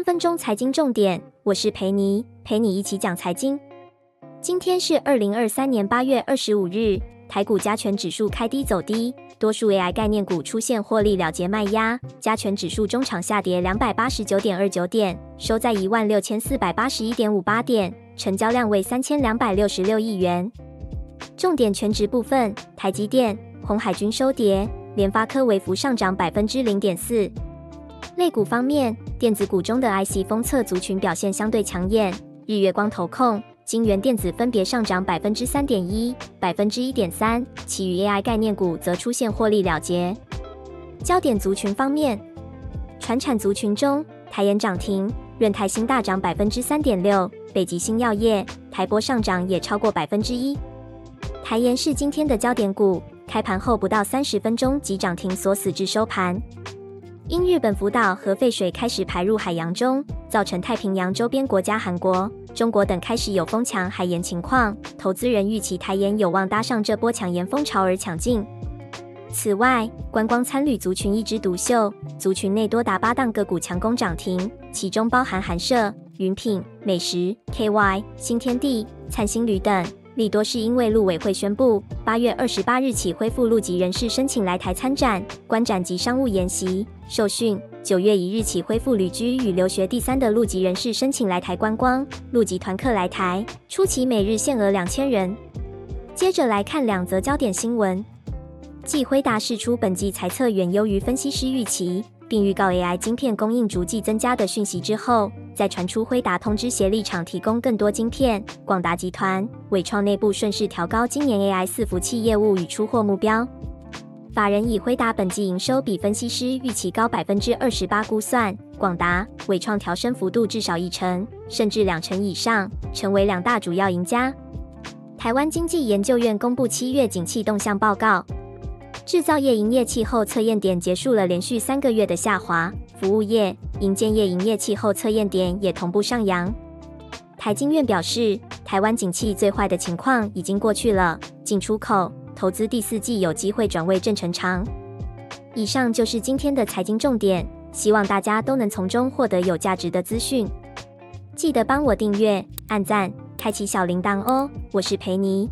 三分鐘財經重點，我是裴妮，陪你一起講財經。今天是二零二三年八月二十五日，台股加權指數開低走低，多數 AI 概念股出現獲利了結賣壓，加權指數中場下跌兩百八十九點二九點，收在一萬六千四百八十一點五八點，成交量為三千兩百六十六億元。重點權值部分，台積電、鴻海均收跌，聯發科微幅上漲百分之零點四。類股方面。電子股中的 IC 封測族群表現相對搶眼，日月光投控、京元電子分別上漲百分之三點一、百分之一點三，其餘 AI 概念股則出現獲利了結。焦點族群方面，傳產族群中，台鹽漲停，潤泰新大漲百分之三點六，北極星藥業、台玻上漲也超過百分之一。台鹽是今天的焦點股，開盤後不到三十分鐘即漲停鎖死至收盤。因日本福島核廢水開始排入海洋中，造成太平洋周邊國家韓國、中國等開始有瘋搶海鹽情況。投資人預期台鹽有望搭上這波搶鹽風潮而搶進。此外，觀光餐旅族群一枝獨秀，族群內多達八檔個股強攻漲停，其中包含寒舍、雲品、美食、KY、新天地、燦星旅等。利多是因為陸委會宣布，八月二十八日起恢復陸籍人士申請來台參展、觀展及商務研習、受訓；九月一日起恢復旅居與留學第三的陸籍人士申請來台觀光、陸籍團客來台，初期每日限額兩千人。接着來看兩則焦點新聞：繼輝達釋出本季財測遠優於分析師預期，並預告 AI 晶片供應逐季增加的訊息之後。再傳出輝達通知協力廠提供更多晶片，廣達集團、偉創內部順勢調高今年 AI 伺服器業務與出貨目標。法人以輝達本季營收比分析師預期高百分之二十八估算，廣達、偉創調升幅度至少一成，甚至兩成以上，成為兩大主要贏家。台灣經濟研究院公布七月景氣動向報告。製造業營業氣候測驗點結束了連續三個月的下滑，服務業、營建業營業氣候測驗點也同步上揚。台經院表示，台灣景氣最壞的情況已經過去了，進出口、投資第四季有機會轉為正成長。以上就是今天的財經重點，希望大家都能從中獲得有價值的資訊。記得幫我訂閱、按讚、開啟小鈴鐺哦，我是裴妮。